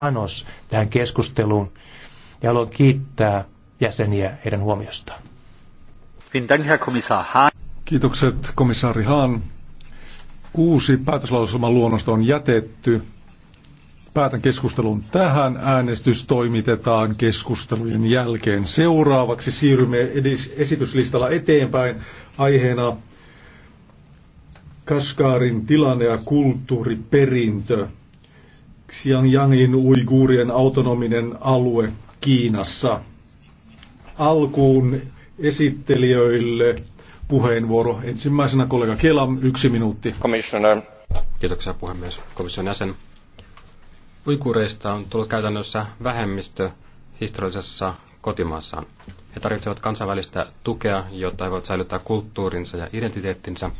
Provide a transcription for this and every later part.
panos tähän keskusteluun ja haluan kiittää jäseniä heidän huomiostaan. Kiitokset komissaari Haan. Kuusi päätöslauselman luonnosta on jätetty. Päätän keskustelun tähän. Äänestys toimitetaan keskustelujen jälkeen. Seuraavaksi siirrymme esityslistalla eteenpäin aiheena Kaskaarin tilanne ja kulttuuriperintö. Xiangyangin uiguurien autonominen alue Kiinassa. Alkuun esittelijöille puheenvuoro. Ensimmäisenä kollega Kelam, yksi minuutti. Commissioner. Kiitoksia puhemies, komission jäsen. Uiguureista on tullut käytännössä vähemmistö historiallisessa kotimaassaan. He tarvitsevat kansainvälistä tukea, jotta he voivat säilyttää kulttuurinsa ja identiteettinsä –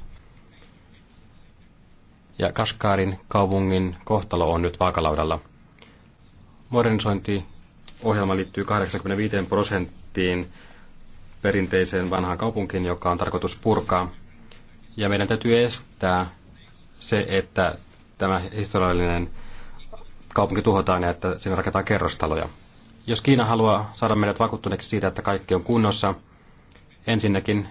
ja Kaskaarin kaupungin kohtalo on nyt vaakalaudalla. Modernisointiohjelma liittyy 85 prosenttiin perinteiseen vanhaan kaupunkiin, joka on tarkoitus purkaa. Ja meidän täytyy estää se, että tämä historiallinen kaupunki tuhotaan ja että sinne rakennetaan kerrostaloja. Jos Kiina haluaa saada meidät vakuuttuneeksi siitä, että kaikki on kunnossa, ensinnäkin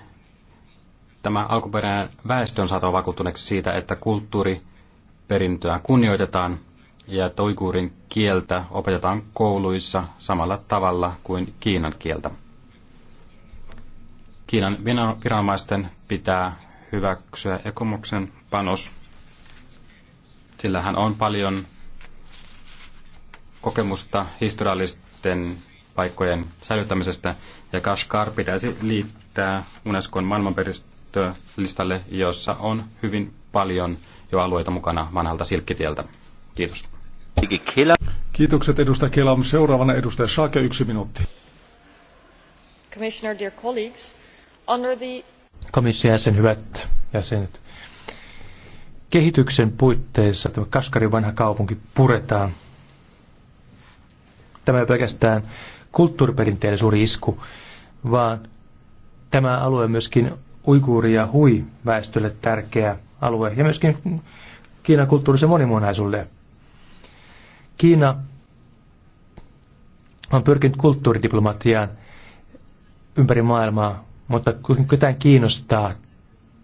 tämä alkuperäinen väestö on saatava vakuuttuneeksi siitä, että kulttuuriperintöä kunnioitetaan ja että uiguurin kieltä opetetaan kouluissa samalla tavalla kuin Kiinan kieltä. Kiinan viranomaisten pitää hyväksyä ekomuksen panos, sillä hän on paljon kokemusta historiallisten paikkojen säilyttämisestä ja Kashgar pitäisi liittää Unescon maailmanperistö listalle, jossa on hyvin paljon jo alueita mukana vanhalta silkkitieltä. Kiitos. Kiitokset edustaja Kelam. Seuraavana edustaja Shake, yksi minuutti. Commissioner, dear colleagues, under the... Komission jäsen, hyvät jäsenet. Kehityksen puitteissa tämä Kaskarin vanha kaupunki puretaan. Tämä ei pelkästään kulttuuriperinteelle suuri isku, vaan tämä alue myöskin uiguuri- ja hui-väestölle tärkeä alue ja myöskin Kiinan kulttuurisen monimuonaisuudelle. Kiina on pyrkinyt kulttuuridiplomatiaan ympäri maailmaa, mutta ketään kiinnostaa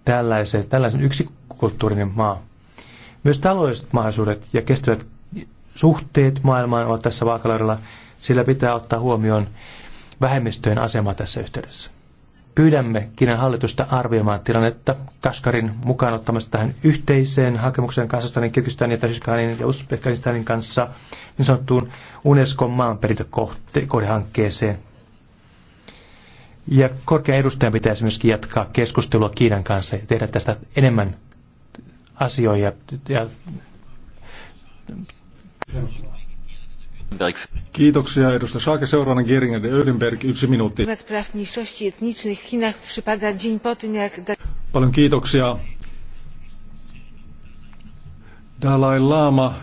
tällaisen, tällaisen yksikulttuurinen maa. Myös taloudelliset mahdollisuudet ja kestävät suhteet maailmaan ovat tässä vaakalaudella, sillä pitää ottaa huomioon vähemmistöjen asema tässä yhteydessä. Pyydämme Kiinan hallitusta arvioimaan tilannetta Kaskarin mukaan ottamassa tähän yhteiseen hakemukseen Kasastanin, ja Tajiskanin ja Uzbekistanin kanssa niin sanottuun Unescon maanperintökohdehankkeeseen. Ja korkea edustaja pitäisi myöskin jatkaa keskustelua Kiinan kanssa ja tehdä tästä enemmän asioita ja, ja Kiitoksia edustaja Saake. Seuraavana Geringer de Ödenberg, yksi minuutti. Paljon kiitoksia. Dalai Lama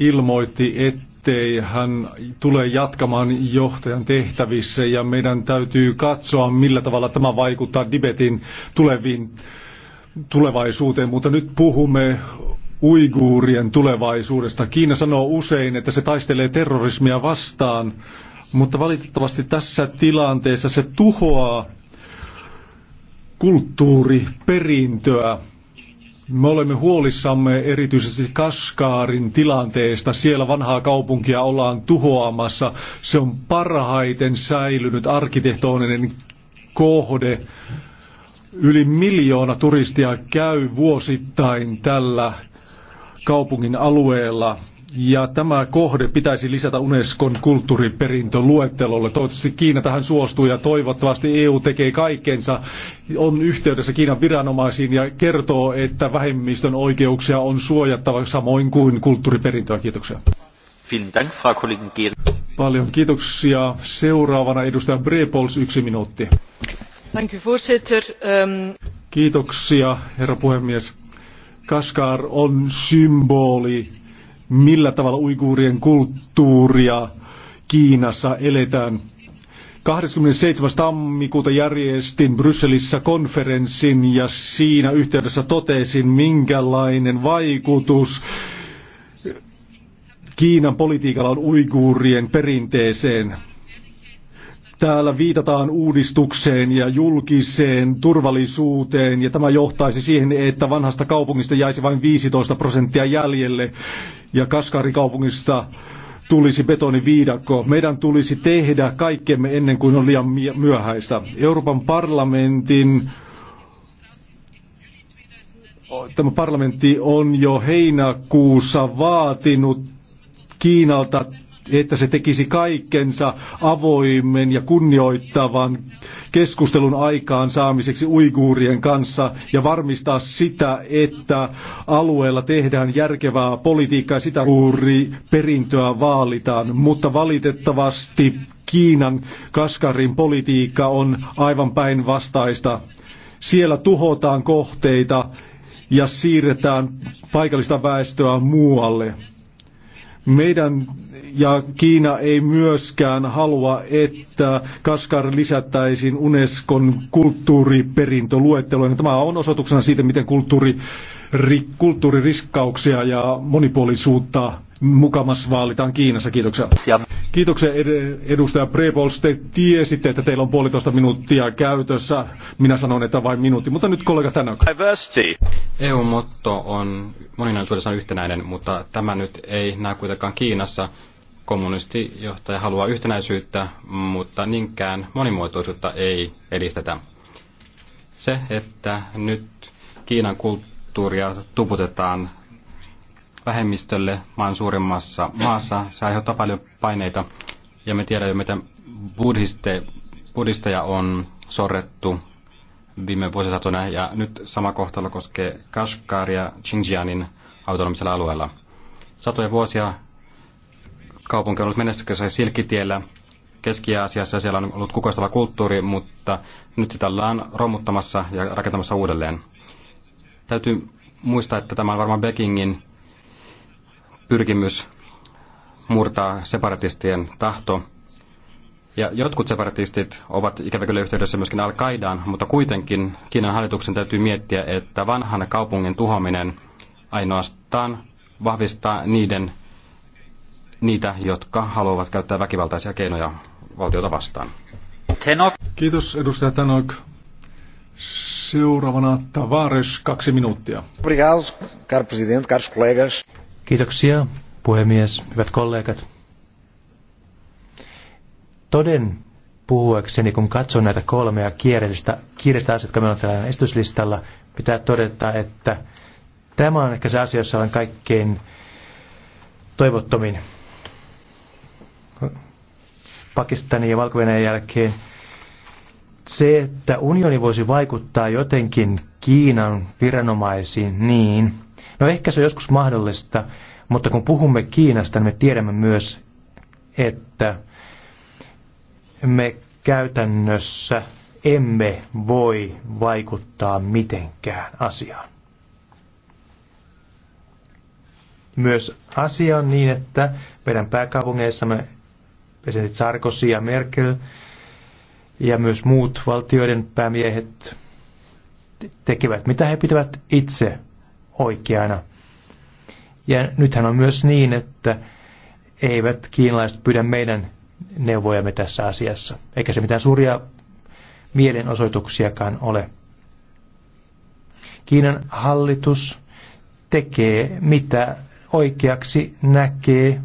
ilmoitti, ettei hän tule jatkamaan johtajan tehtävissä ja meidän täytyy katsoa, millä tavalla tämä vaikuttaa Dibetin tuleviin tulevaisuuteen, mutta nyt puhumme uiguurien tulevaisuudesta. Kiina sanoo usein, että se taistelee terrorismia vastaan, mutta valitettavasti tässä tilanteessa se tuhoaa kulttuuriperintöä. Me olemme huolissamme erityisesti Kaskaarin tilanteesta. Siellä vanhaa kaupunkia ollaan tuhoamassa. Se on parhaiten säilynyt arkkitehtoninen kohde. Yli miljoona turistia käy vuosittain tällä kaupungin alueella. Ja tämä kohde pitäisi lisätä Unescon kulttuuriperintöluettelolle. Toivottavasti Kiina tähän suostuu ja toivottavasti EU tekee kaikkensa, on yhteydessä Kiinan viranomaisiin ja kertoo, että vähemmistön oikeuksia on suojattava samoin kuin kulttuuriperintöä. Kiitoksia. Paljon kiitoksia. Seuraavana edustaja Brepols, yksi minuutti. Ehm, kiitoksia, herra puhemies. Kashgar on symboli, millä tavalla uiguurien kulttuuria Kiinassa eletään. 27. tammikuuta järjestin Brysselissä konferenssin ja siinä yhteydessä totesin, minkälainen vaikutus Kiinan politiikalla on uiguurien perinteeseen. Täällä viitataan uudistukseen ja julkiseen turvallisuuteen ja tämä johtaisi siihen, että vanhasta kaupungista jäisi vain 15 prosenttia jäljelle ja Kaskarikaupungista tulisi betoniviidakko. Meidän tulisi tehdä kaikkemme ennen kuin on liian myöhäistä. Euroopan parlamentin tämä parlamentti on jo heinäkuussa vaatinut Kiinalta että se tekisi kaikkensa avoimen ja kunnioittavan keskustelun aikaan saamiseksi uiguurien kanssa ja varmistaa sitä, että alueella tehdään järkevää politiikkaa ja sitä uuri perintöä vaalitaan. Mutta valitettavasti Kiinan Kaskarin politiikka on aivan päinvastaista. Siellä tuhotaan kohteita ja siirretään paikallista väestöä muualle. Meidän ja Kiina ei myöskään halua, että Kaskar lisättäisiin Unescon kulttuuriperintöluetteloon. Tämä on osoituksena siitä, miten kulttuuri, kulttuuririskauksia ja monipuolisuutta mukamas vaalitaan Kiinassa. Kiitoksia. Kiitoksia edustaja Prebols. Te tiesitte, että teillä on puolitoista minuuttia käytössä. Minä sanon, että vain minuutti. Mutta nyt kollega Tänök. EU-motto e on moninaisuudessaan yhtenäinen, mutta tämä nyt ei näe kuitenkaan Kiinassa. Kommunistijohtaja haluaa yhtenäisyyttä, mutta niinkään monimuotoisuutta ei edistetä. Se, että nyt Kiinan kulttuuria tuputetaan vähemmistölle maan suurimmassa maassa. Se aiheuttaa paljon paineita ja me tiedämme, miten buddhiste, buddhisteja on sorrettu viime vuosisatona ja nyt sama kohtalo koskee Kashgaria Xinjiangin autonomisella alueella. Satoja vuosia kaupunki on ollut menestyksessä silkkitiellä Keski-Aasiassa siellä on ollut kukoistava kulttuuri, mutta nyt sitä ollaan romuttamassa ja rakentamassa uudelleen. Täytyy muistaa, että tämä on varmaan Pekingin pyrkimys murtaa separatistien tahto. Ja jotkut separatistit ovat ikävä kyllä yhteydessä myöskin al qaidaan mutta kuitenkin Kiinan hallituksen täytyy miettiä, että vanhan kaupungin tuhoaminen ainoastaan vahvistaa niiden, niitä, jotka haluavat käyttää väkivaltaisia keinoja valtiota vastaan. Tenok. Kiitos edustaja Tanok. Seuraavana Tavares, kaksi minuuttia. Obrigado, caro presidente, caros colegas. Kiitoksia, puhemies, hyvät kollegat. Toden puhuakseni, kun katson näitä kolmea kiireellistä, kiireistä asiaa, jotka meillä on tällä esityslistalla, pitää todeta, että tämä on ehkä se asia, jossa olen kaikkein toivottomin. Pakistanin ja valko jälkeen se, että unioni voisi vaikuttaa jotenkin Kiinan viranomaisiin niin, No ehkä se on joskus mahdollista, mutta kun puhumme Kiinasta, niin me tiedämme myös, että me käytännössä emme voi vaikuttaa mitenkään asiaan. Myös asia on niin, että meidän pääkaupungeissamme presidentit Sarkozy ja Merkel ja myös muut valtioiden päämiehet tekevät, mitä he pitävät itse oikeana. Ja nythän on myös niin, että eivät kiinalaiset pyydä meidän neuvojamme tässä asiassa, eikä se mitään suuria mielenosoituksiakaan ole. Kiinan hallitus tekee mitä oikeaksi näkee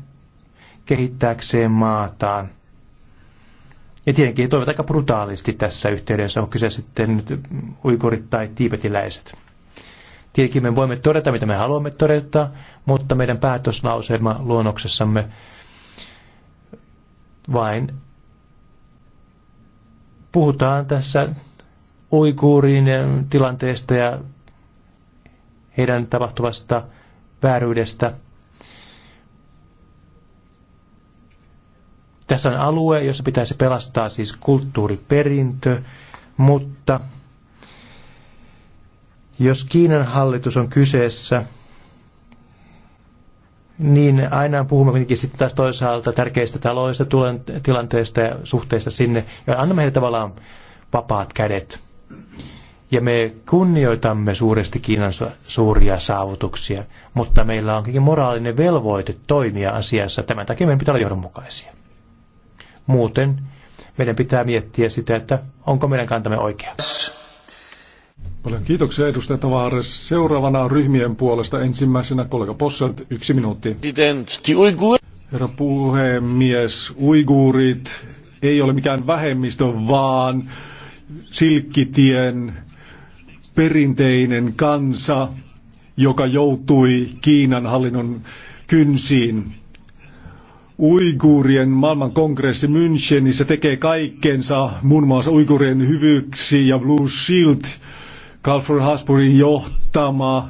kehittääkseen maataan. Ja tietenkin toimivat aika brutaalisti tässä yhteydessä, on kyse sitten nyt uikurit tai tiipetiläiset. Tietenkin me voimme todeta, mitä me haluamme todeta, mutta meidän päätöslauselma luonnoksessamme vain puhutaan tässä uikuuriin tilanteesta ja heidän tapahtuvasta vääryydestä. Tässä on alue, jossa pitäisi pelastaa siis kulttuuriperintö, mutta jos Kiinan hallitus on kyseessä, niin aina puhumme kuitenkin sitten taas toisaalta tärkeistä taloista, tilanteista ja suhteista sinne. Ja annamme heille tavallaan vapaat kädet. Ja me kunnioitamme suuresti Kiinan suuria saavutuksia, mutta meillä on kuitenkin moraalinen velvoite toimia asiassa. Tämän takia meidän pitää olla johdonmukaisia. Muuten meidän pitää miettiä sitä, että onko meidän kantamme oikea. Paljon kiitoksia edustaja Tavares. Seuraavana ryhmien puolesta ensimmäisenä kollega Posselt, yksi minuutti. Herra puhemies, uiguurit ei ole mikään vähemmistö, vaan silkkitien perinteinen kansa, joka joutui Kiinan hallinnon kynsiin. Uiguurien maailmankongressi Münchenissä tekee kaikkensa muun muassa uiguurien hyvyksi ja Blue Shield – Calvin Hasburin johtama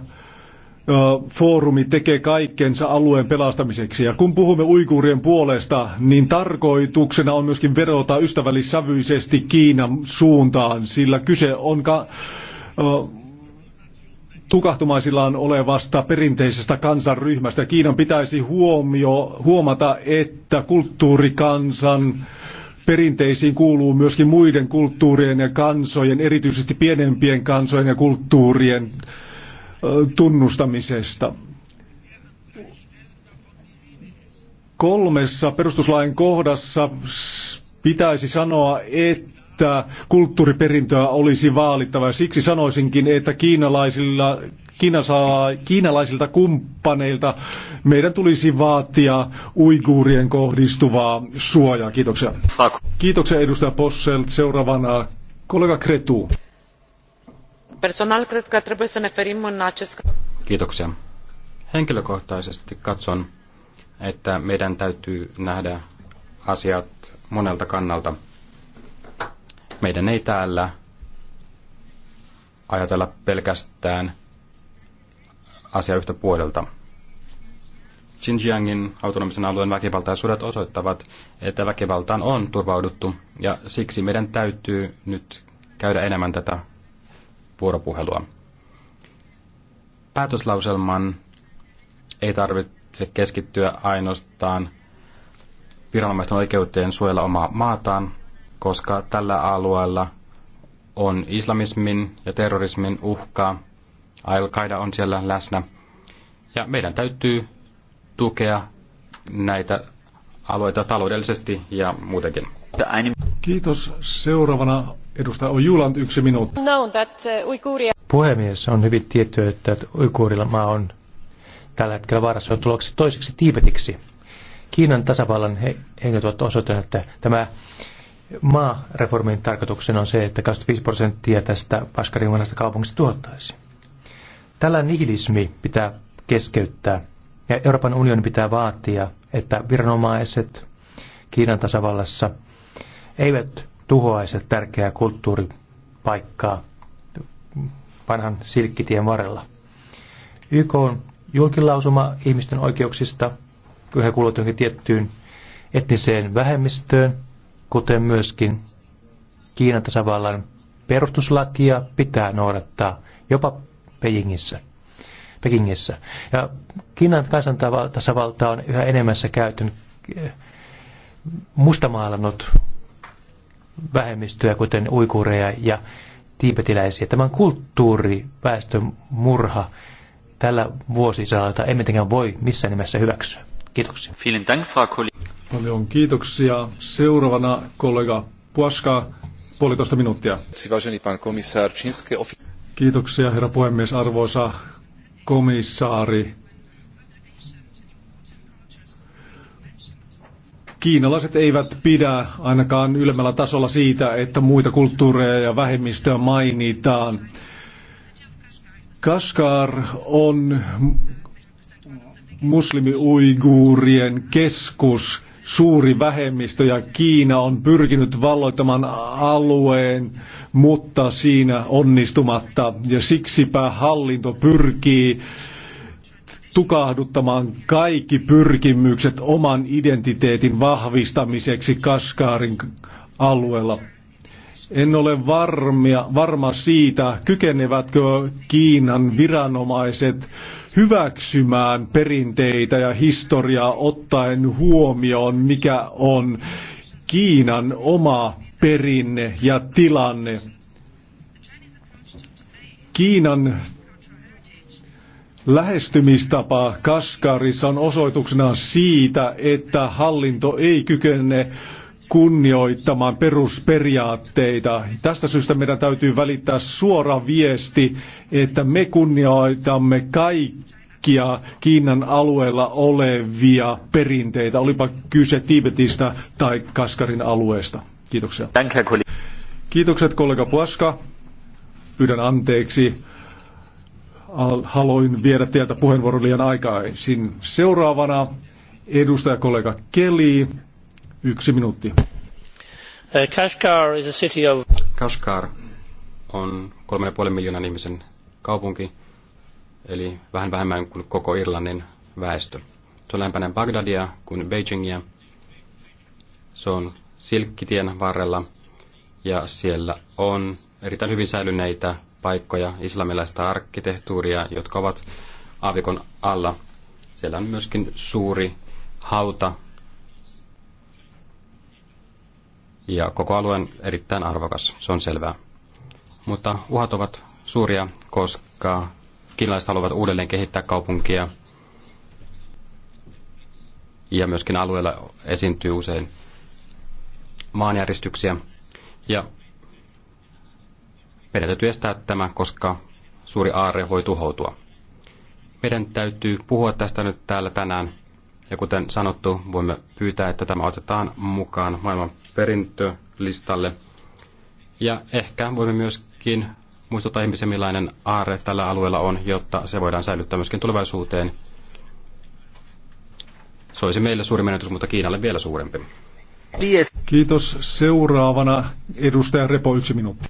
foorumi tekee kaikkensa alueen pelastamiseksi. Ja kun puhumme uikuurien puolesta, niin tarkoituksena on myöskin verota ystävällissävyisesti Kiinan suuntaan, sillä kyse on ka- tukahtumaisillaan olevasta perinteisestä kansanryhmästä. Kiinan pitäisi huomio, huomata, että kulttuurikansan perinteisiin kuuluu myöskin muiden kulttuurien ja kansojen, erityisesti pienempien kansojen ja kulttuurien tunnustamisesta. Kolmessa perustuslain kohdassa pitäisi sanoa, että kulttuuriperintöä olisi vaalittava. Siksi sanoisinkin, että kiinalaisilla kiinalaisilta kumppaneilta meidän tulisi vaatia uiguurien kohdistuvaa suojaa. Kiitoksia. Kiitoksia edustaja Possel. Seuraavana kollega Kretu. Personal cred că trebuie să ne ferim în acest... Kiitoksia. Henkilökohtaisesti katson, että meidän täytyy nähdä asiat monelta kannalta. Meidän ei täällä ajatella pelkästään asia yhtä puolelta. Xinjiangin autonomisen alueen väkivaltaisuudet osoittavat, että väkivaltaan on turvauduttu ja siksi meidän täytyy nyt käydä enemmän tätä vuoropuhelua. Päätöslauselman ei tarvitse keskittyä ainoastaan viranomaisten oikeuteen suojella omaa maataan, koska tällä alueella on islamismin ja terrorismin uhkaa Al-Qaida on siellä läsnä. Ja meidän täytyy tukea näitä alueita taloudellisesti ja muutenkin. Kiitos. Seuraavana edustaja Ojuland yksi minuutti. No, uh, Puhemies, on hyvin tietty, että Uiguurilla maa on tällä hetkellä vaarassa on tuloksi toiseksi Tiibetiksi. Kiinan tasavallan henkilöt ovat osoittaneet, että tämä maareformin tarkoituksena on se, että 25 prosenttia tästä Paskarin kaupungista tuottaisiin. Tällä nihilismi pitää keskeyttää ja Euroopan unioni pitää vaatia, että viranomaiset Kiinan tasavallassa eivät tuhoaiset tärkeää kulttuuripaikkaa vanhan silkkitien varrella. YK on julkilausuma ihmisten oikeuksista, kun he kuuluvat johonkin tiettyyn etniseen vähemmistöön, kuten myöskin Kiinan tasavallan perustuslakia pitää noudattaa, jopa Pekingissä. Pekingissä. Ja Kiinan kansantasavalta on yhä enemmässä käytön eh, mustamaalannut vähemmistöjä, kuten uikureja ja tiipetiläisiä. Tämän kulttuuriväestön murha tällä vuosisadalta emme tietenkään voi missään nimessä hyväksyä. Kiitoksia. Paljon kiitoksia. Seuraavana kollega Puaska, puolitoista minuuttia. Kiitoksia, herra puhemies, arvoisa komissaari. kiinalaiset eivät pidä ainakaan ylemmällä tasolla siitä, että muita kulttuureja ja vähemmistöä mainitaan. Kaskar on muslimi-uiguurien keskus suuri vähemmistö ja Kiina on pyrkinyt valloittamaan alueen, mutta siinä onnistumatta. Ja siksipä hallinto pyrkii tukahduttamaan kaikki pyrkimykset oman identiteetin vahvistamiseksi Kaskaarin alueella. En ole varmia, varma siitä, kykenevätkö Kiinan viranomaiset hyväksymään perinteitä ja historiaa ottaen huomioon, mikä on Kiinan oma perinne ja tilanne. Kiinan lähestymistapa Kaskarissa on osoituksena siitä, että hallinto ei kykene kunnioittamaan perusperiaatteita. Tästä syystä meidän täytyy välittää suora viesti, että me kunnioitamme kaikkia Kiinan alueella olevia perinteitä, olipa kyse Tibetistä tai Kaskarin alueesta. Kiitoksia. Kiitokset kollega Puaska. Pyydän anteeksi. Haluin viedä teiltä puheenvuoron liian aikaisin. Seuraavana edustajakollega Keli Yksi minuutti. Uh, Kashgar, is a city of... Kashgar on 3,5 miljoonan ihmisen kaupunki, eli vähän vähemmän kuin koko Irlannin väestö. Se on lähempänä Bagdadia kuin Beijingiä. Se on silkkitien varrella ja siellä on erittäin hyvin säilyneitä paikkoja islamilaista arkkitehtuuria, jotka ovat aavikon alla. Siellä on myöskin suuri hauta, ja koko alueen erittäin arvokas, se on selvää. Mutta uhat ovat suuria, koska kiinalaiset haluavat uudelleen kehittää kaupunkia ja myöskin alueella esiintyy usein maanjäristyksiä. Ja meidän täytyy estää tämä, koska suuri aarre voi tuhoutua. Meidän täytyy puhua tästä nyt täällä tänään ja kuten sanottu, voimme pyytää, että tämä otetaan mukaan maailman perintölistalle. Ja ehkä voimme myöskin muistuttaa ihmisiä, millainen aarre tällä alueella on, jotta se voidaan säilyttää myöskin tulevaisuuteen. Se olisi meille suuri menetys, mutta Kiinalle vielä suurempi. Kiitos. Seuraavana edustaja Repo, yksi minuutti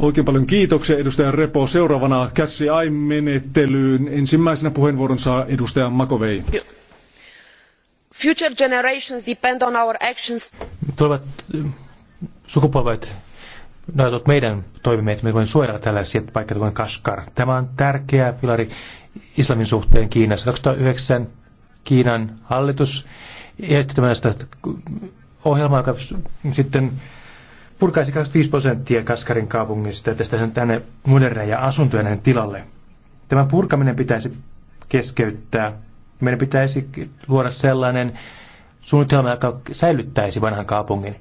Oikein paljon kiitoksia edustaja Repo. Seuraavana käsi menettelyyn Ensimmäisenä puheenvuoron saa edustaja Makovei. Future generations depend on our actions. Tulevat eh, sukupolvet näytöt meidän toimimme, että me voimme suojella tällaisia paikkoja kuin Kashgar. Tämä on tärkeä pilari islamin suhteen Kiinassa. 2009 Kiinan hallitus ehti tämmöistä ohjelmaa, joka sitten purkaisi 25 prosenttia Kaskarin kaupungista ja tästä tänne moderneja asuntoja näiden tilalle. Tämän purkaminen pitäisi keskeyttää. Meidän pitäisi luoda sellainen suunnitelma, joka säilyttäisi vanhan kaupungin.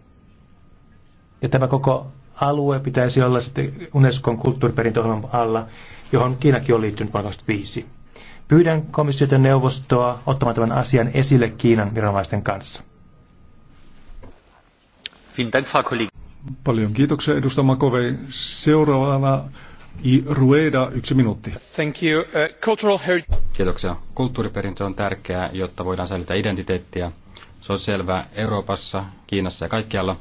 Ja tämä koko alue pitäisi olla sitten Unescon kulttuuriperintöohjelman alla, johon Kiinakin on liittynyt vuonna 2005. Pyydän komissiota neuvostoa ottamaan tämän asian esille Kiinan viranomaisten kanssa. Vielen Dank, Frau Paljon kiitoksia edustaja Makovei. Seuraavana I Rueda, yksi minuutti. Thank you. Uh, cultural Kiitoksia. Kulttuuriperintö on tärkeää, jotta voidaan säilyttää identiteettiä. Se on selvää Euroopassa, Kiinassa ja kaikkialla.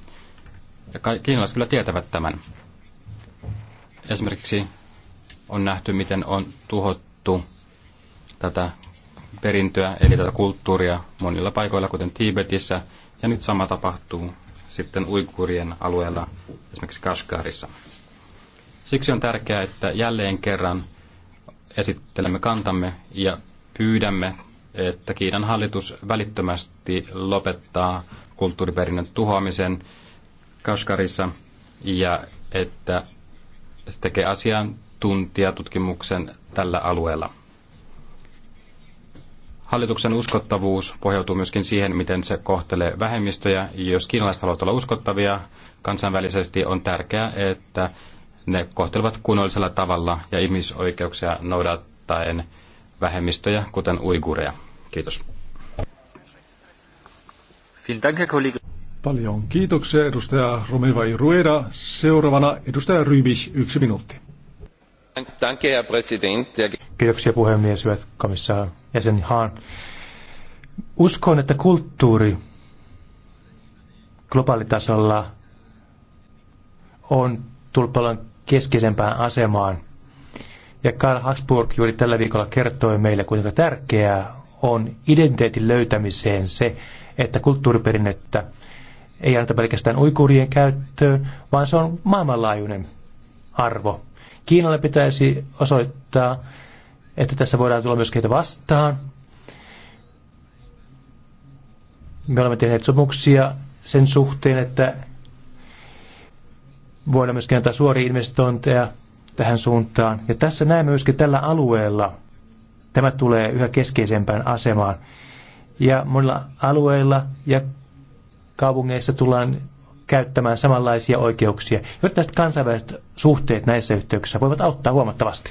Ja ka- kiinalaiset kyllä tietävät tämän. Esimerkiksi on nähty, miten on tuhottu tätä perintöä, eli tätä kulttuuria monilla paikoilla, kuten Tiibetissä, ja nyt sama tapahtuu sitten uikurien alueella, esimerkiksi Kashgarissa. Siksi on tärkeää, että jälleen kerran esittelemme kantamme ja pyydämme, että Kiinan hallitus välittömästi lopettaa kulttuuriperinnön tuhoamisen Kashgarissa ja että se tekee asiantuntijatutkimuksen tällä alueella. Hallituksen uskottavuus pohjautuu myöskin siihen, miten se kohtelee vähemmistöjä. Jos kiinalaiset haluavat olla uskottavia kansainvälisesti, on tärkeää, että ne kohtelevat kunnollisella tavalla ja ihmisoikeuksia noudattaen vähemmistöjä, kuten uigureja. Kiitos. Paljon kiitoksia edustaja Romevai Rueda. Seuraavana edustaja Rybich, yksi minuutti. Kiitoksia puhemies, hyvät komissaari jäsen Haan. Uskon, että kulttuuri globaalitasolla on tullut paljon keskeisempään asemaan. Ja Karl Habsburg juuri tällä viikolla kertoi meille, kuinka tärkeää on identiteetin löytämiseen se, että kulttuuriperinnettä ei anneta pelkästään uikurien käyttöön, vaan se on maailmanlaajuinen arvo. Kiinalle pitäisi osoittaa, että tässä voidaan tulla myös heitä vastaan. Me olemme tehneet sopimuksia sen suhteen, että voidaan myöskin antaa suoria investointeja tähän suuntaan. Ja tässä näemme myöskin tällä alueella, tämä tulee yhä keskeisempään asemaan. Ja monilla alueilla ja kaupungeissa tullaan käyttämään samanlaisia oikeuksia, jotta tästä kansainväliset suhteet näissä yhteyksissä voivat auttaa huomattavasti.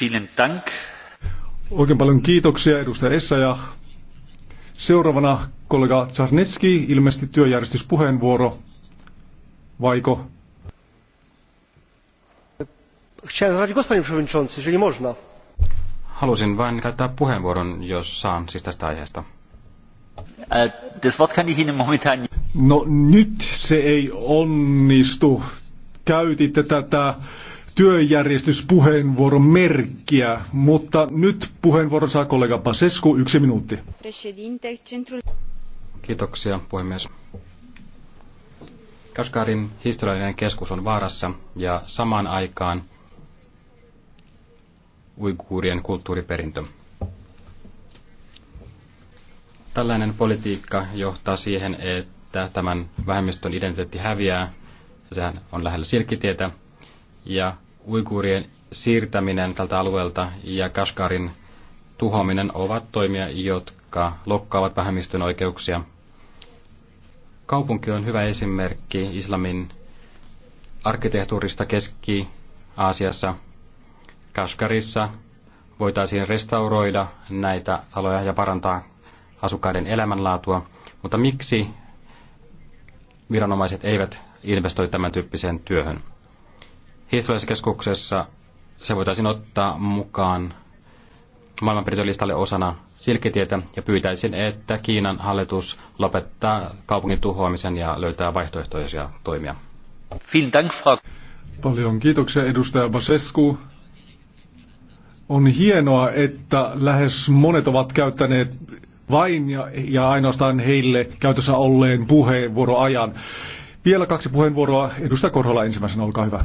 Vielen Dank. Oikein paljon kiitoksia edustaja Essayah. Seuraavana kollega Czarnecki, ilmeisesti työjärjestyspuheenvuoro, vaiko? Halusin vain käyttää puheenvuoron, jos saan, siis tästä aiheesta. Äh, no nyt se ei onnistu. Käytitte tätä työjärjestyspuheenvuoron merkkiä, mutta nyt puheenvuoro saa kollega Pasescu, yksi minuutti. Kiitoksia, puhemies. Kaskarin historiallinen keskus on vaarassa ja samaan aikaan uiguurien kulttuuriperintö. Tällainen politiikka johtaa siihen, että tämän vähemmistön identiteetti häviää. Sehän on lähellä silkkitietä ja uiguurien siirtäminen tältä alueelta ja Kashgarin tuhoaminen ovat toimia, jotka lokkaavat vähemmistön oikeuksia. Kaupunki on hyvä esimerkki islamin arkkitehtuurista Keski-Aasiassa. Kashgarissa voitaisiin restauroida näitä taloja ja parantaa asukkaiden elämänlaatua, mutta miksi viranomaiset eivät investoi tämän tyyppiseen työhön? historiallisessa keskuksessa se voitaisiin ottaa mukaan maailmanperintölistalle osana silkkitietä ja pyytäisin, että Kiinan hallitus lopettaa kaupungin tuhoamisen ja löytää vaihtoehtoisia toimia. Paljon kiitoksia edustaja Basescu. On hienoa, että lähes monet ovat käyttäneet vain ja, ja ainoastaan heille käytössä olleen puheenvuoroajan. Vielä kaksi puheenvuoroa. Edustaja Korhola ensimmäisenä, olkaa hyvä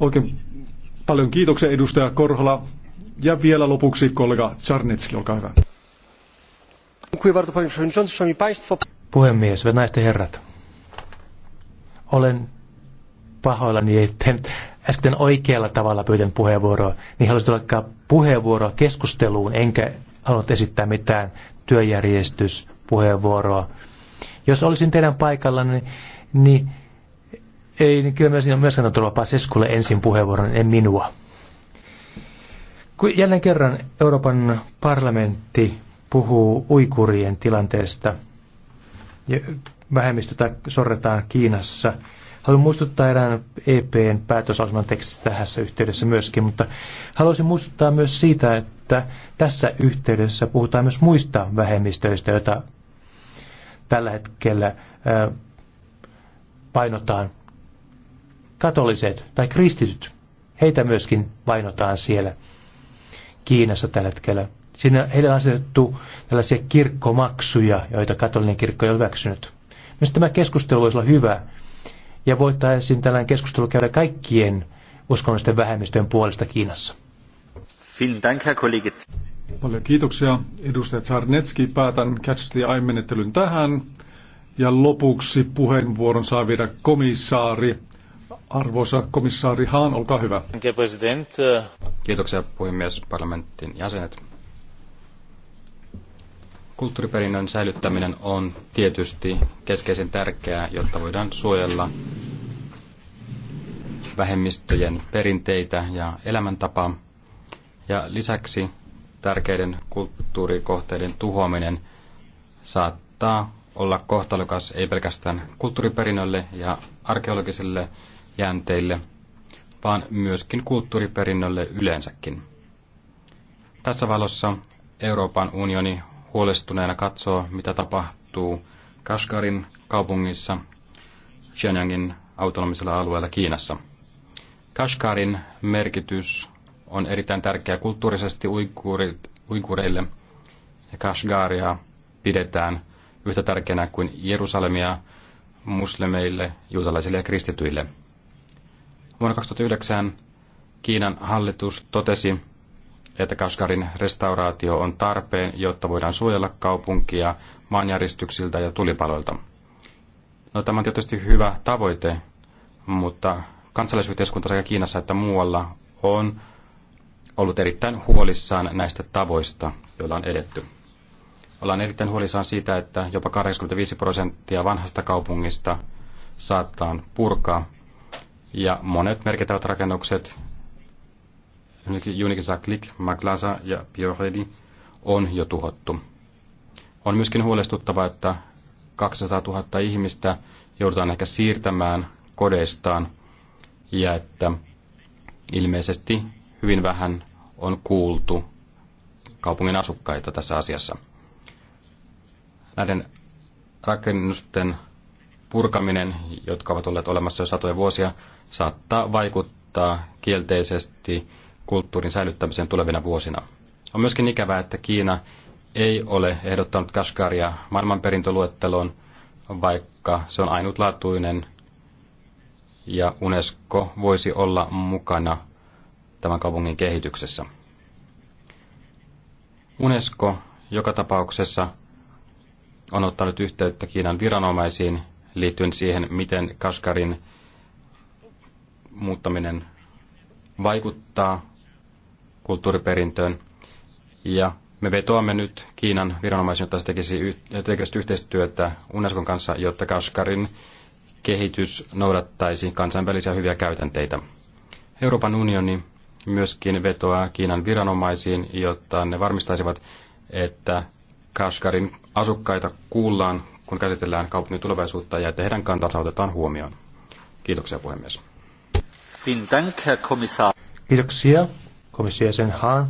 Oikein paljon kiitoksia edustaja Korhola. Ja vielä lopuksi kollega Czarnecki, olkaa hyvä. Puhemies, hyvät naiset ja herrat. Olen pahoillani, etten äsken oikealla tavalla pyytän puheenvuoroa, niin haluaisin tulla puheenvuoroa keskusteluun, enkä halunnut esittää mitään työjärjestyspuheenvuoroa. Jos olisin teidän paikallanne, niin, niin ei, niin kyllä myös, myös kannattaa turvapaa Seskulle ensin puheenvuoron, en minua. Jälleen kerran Euroopan parlamentti puhuu uikurien tilanteesta ja vähemmistötä sorretaan Kiinassa. Haluan muistuttaa erään EPn päätösasman tekstistä tässä yhteydessä myöskin, mutta haluaisin muistuttaa myös siitä, että tässä yhteydessä puhutaan myös muista vähemmistöistä, joita tällä hetkellä painotaan katoliset tai kristityt, heitä myöskin vainotaan siellä Kiinassa tällä hetkellä. Siinä heille on asetettu tällaisia kirkkomaksuja, joita katolinen kirkko ei ole hyväksynyt. Myös tämä keskustelu voisi olla hyvä, ja voitaisiin tällainen keskustelu käydä kaikkien uskonnollisten vähemmistöjen puolesta Kiinassa. Paljon kiitoksia. Edustaja Tsarnetski. päätän Catch the Eye-menettelyn tähän. Ja lopuksi puheenvuoron saa viedä komissaari Arvoisa komissaari Haan, olkaa hyvä. Kiitoksia puhemies, parlamentin jäsenet. Kulttuuriperinnön säilyttäminen on tietysti keskeisen tärkeää, jotta voidaan suojella vähemmistöjen perinteitä ja elämäntapaa. Ja lisäksi tärkeiden kulttuurikohteiden tuhoaminen saattaa olla kohtalokas ei pelkästään kulttuuriperinnölle ja arkeologiselle jänteille, vaan myöskin kulttuuriperinnölle yleensäkin. Tässä valossa Euroopan unioni huolestuneena katsoo, mitä tapahtuu Kashgarin kaupungissa Xinjiangin autonomisella alueella Kiinassa. Kashgarin merkitys on erittäin tärkeä kulttuurisesti uiguureille ja Kashgaria pidetään yhtä tärkeänä kuin Jerusalemia muslimeille, juutalaisille ja kristityille – Vuonna 2009 Kiinan hallitus totesi, että Kashgarin restauraatio on tarpeen, jotta voidaan suojella kaupunkia maanjäristyksiltä ja tulipaloilta. No, tämä on tietysti hyvä tavoite, mutta kansalaisyhteiskunta sekä Kiinassa että muualla on ollut erittäin huolissaan näistä tavoista, joilla on edetty. Ollaan erittäin huolissaan siitä, että jopa 85 prosenttia vanhasta kaupungista saattaa purkaa ja monet merkittävät rakennukset, Junikisa Klik, Maglasa ja Biohredi, on jo tuhottu. On myöskin huolestuttavaa, että 200 000 ihmistä joudutaan ehkä siirtämään kodeistaan ja että ilmeisesti hyvin vähän on kuultu kaupungin asukkaita tässä asiassa. Näiden rakennusten purkaminen, jotka ovat olleet olemassa jo satoja vuosia, saattaa vaikuttaa kielteisesti kulttuurin säilyttämiseen tulevina vuosina. On myöskin ikävää, että Kiina ei ole ehdottanut Kashgaria maailmanperintöluetteloon, vaikka se on ainutlaatuinen ja UNESCO voisi olla mukana tämän kaupungin kehityksessä. UNESCO joka tapauksessa on ottanut yhteyttä Kiinan viranomaisiin liittyen siihen, miten Kashgarin muuttaminen vaikuttaa kulttuuriperintöön. Ja me vetoamme nyt Kiinan viranomaisiin, jotta se tekisi, yhteistyötä Unescon kanssa, jotta Kashkarin kehitys noudattaisi kansainvälisiä hyviä käytänteitä. Euroopan unioni myöskin vetoaa Kiinan viranomaisiin, jotta ne varmistaisivat, että Kashgarin asukkaita kuullaan, kun käsitellään kaupungin tulevaisuutta ja että heidän kantansa otetaan huomioon. Kiitoksia puhemies. Kiitoksia, komissio jäsen Haan.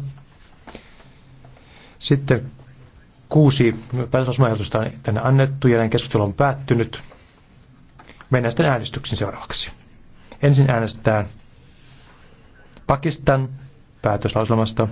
Sitten kuusi päätösosmaehdotusta on tänne annettu ja näin keskustelu on päättynyt. Mennään sitten äänestyksiin seuraavaksi. Ensin äänestetään Pakistan päätöslauselmasta.